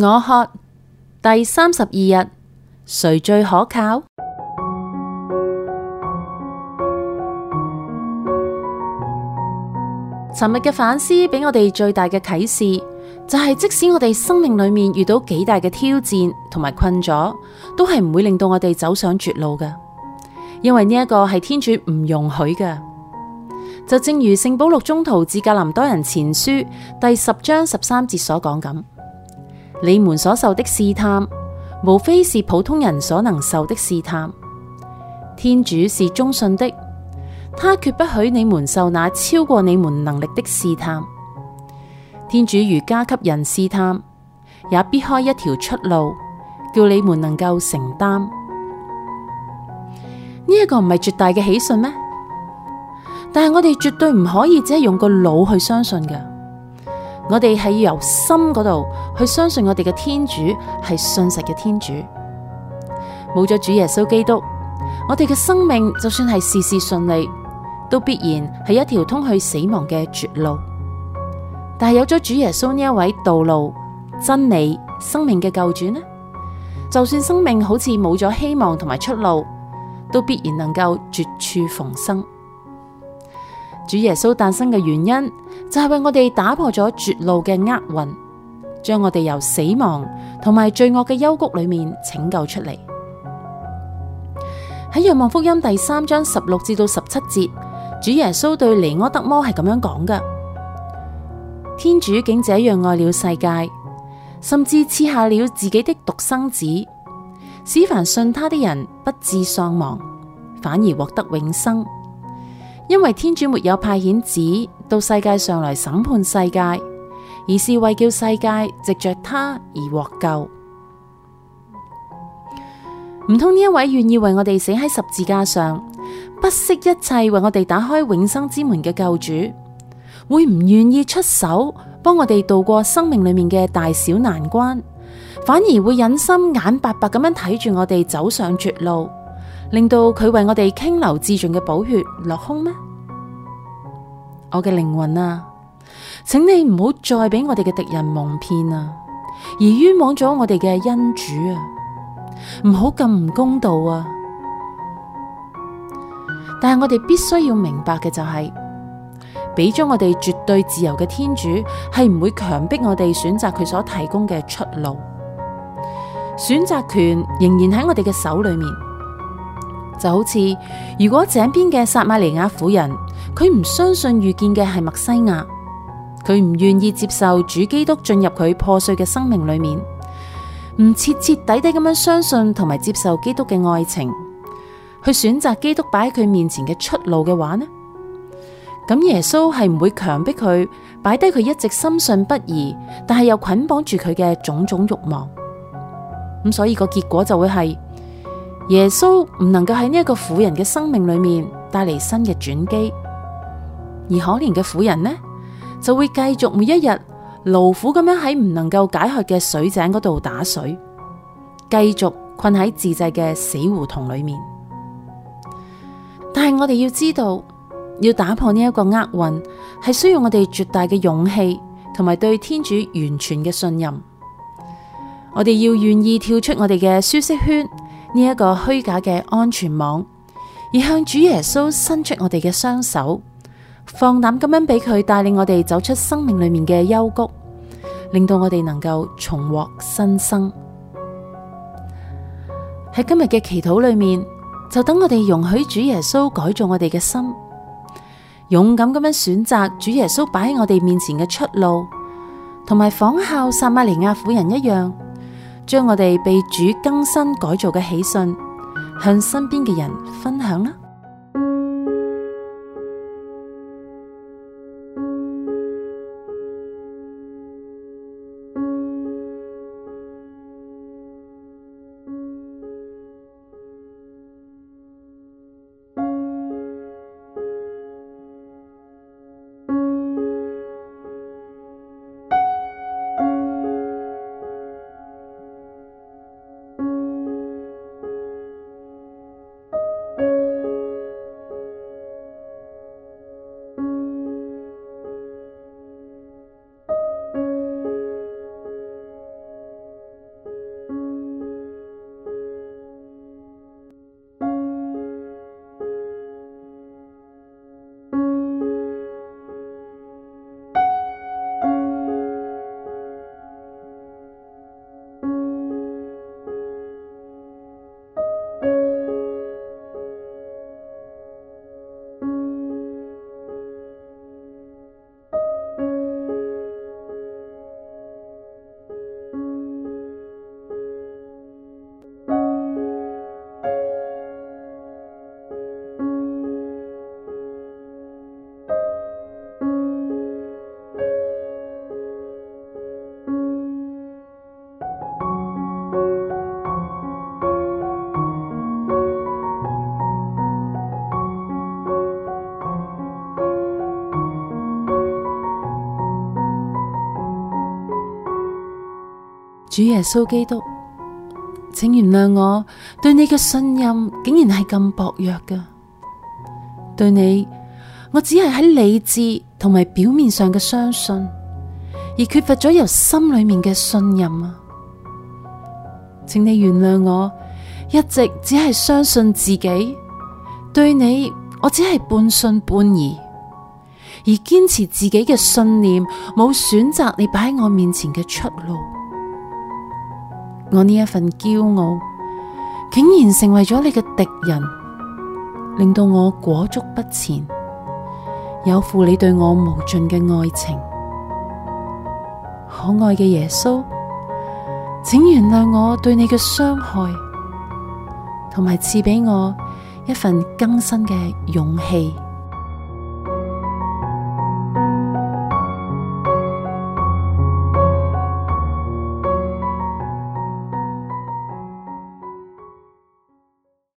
我渴第三十二日，誰最可靠？尋日嘅反思俾我哋最大嘅啟示，就係、是、即使我哋生命裏面遇到幾大嘅挑戰同埋困阻，都係唔會令到我哋走上絕路嘅，因為呢一個係天主唔容許嘅。就正如聖保祿宗徒致格林多人前書第十章十三節所講咁。你們所受的試探，無非是普通人所能受的試探。天主是忠信的，他決不許你們受那超過你們能力的試探。天主如加給人試探，也必開一條出路，叫你們能夠承擔。呢一個唔係絕大嘅喜訊咩？但係我哋絕對唔可以只係用個腦去相信嘅。我哋係要由心嗰度去相信我哋嘅天主係信實嘅天主。冇咗主，主耶穌基督，我哋嘅生命就算係事事順利，都必然係一條通去死亡嘅絕路。但係有咗主耶穌呢一位道路、真理、生命嘅救主呢，就算生命好似冇咗希望同埋出路，都必然能夠絕處逢生。主耶穌誕生嘅原因，就係、是、為我哋打破咗絕路嘅厄運，將我哋由死亡同埋罪惡嘅幽谷裏面拯救出嚟。喺《約望福音》第三章十六至到十七節，主耶穌對尼俄德摩係咁樣講噶：，天主竟這樣愛了世界，甚至賜下了自己的獨生子，使凡信他的人不致喪亡，反而獲得永生。因為天主沒有派遣子到世界上來審判世界，而是為叫世界藉着他而獲救。唔通呢一位願意為我哋死喺十字架上，不惜一切為我哋打開永生之門嘅救主，會唔願意出手幫我哋渡過生命裏面嘅大小難關，反而會忍心眼白白咁樣睇住我哋走上絕路？令到佢為我哋傾流至盡嘅寶血落空咩？我嘅靈魂啊，請你唔好再俾我哋嘅敵人蒙騙啊，而冤枉咗我哋嘅恩主啊，唔好咁唔公道啊！但係我哋必須要明白嘅就係，俾咗我哋絕對自由嘅天主係唔會強迫我哋選擇佢所提供嘅出路，選擇權仍然喺我哋嘅手裏面。就好似如果井邊嘅撒瑪黎雅婦人，佢唔相信遇見嘅係默西亞，佢唔願意接受主基督進入佢破碎嘅生命裡面，唔徹徹底底咁樣相信同埋接受基督嘅愛情，去選擇基督擺喺佢面前嘅出路嘅話呢，咁耶穌係唔會強迫佢擺低佢一直深信不疑，但係又捆綁住佢嘅種種慾望。咁所以個結果就會係，耶穌唔能夠喺呢一個婦人嘅生命裏面帶嚟新嘅轉機，而可憐嘅婦人呢就會繼續每一日勞苦咁樣喺唔能夠解渴嘅水井嗰度打水，繼續困喺自製嘅死胡同裏面。但係我哋要知道，要打破呢一個厄運，係需要我哋絕大嘅勇氣，同埋對天主完全嘅信任。我哋要願意跳出我哋嘅舒適圈。呢一個虛假嘅安全網，而向主耶穌伸出我哋嘅雙手，放膽咁樣俾佢帶領我哋走出生命裏面嘅幽谷，令到我哋能夠重獲新生。喺今日嘅祈禱裏面，就等我哋容許主耶穌改造我哋嘅心，勇敢咁樣選擇主耶穌擺喺我哋面前嘅出路，同埋仿效撒瑪黎雅婦人一樣。將我哋被主更新改造嘅喜訊，向身邊嘅人分享啦！主耶穌基督，請原諒我對你嘅信任竟然係咁薄弱㗎。對你，我只係喺理智同埋表面上嘅相信，而缺乏咗由心裏面嘅信任啊！請你原諒我，一直只係相信自己。對你，我只係半信半疑，而堅持自己嘅信念，冇選擇你擺喺我面前嘅出路。我呢一份驕傲，竟然成為咗你嘅敵人，令到我裹足不前，有負你對我無盡嘅愛情。可愛嘅耶穌，請原諒我對你嘅傷害，同埋賜俾我一份更新嘅勇氣。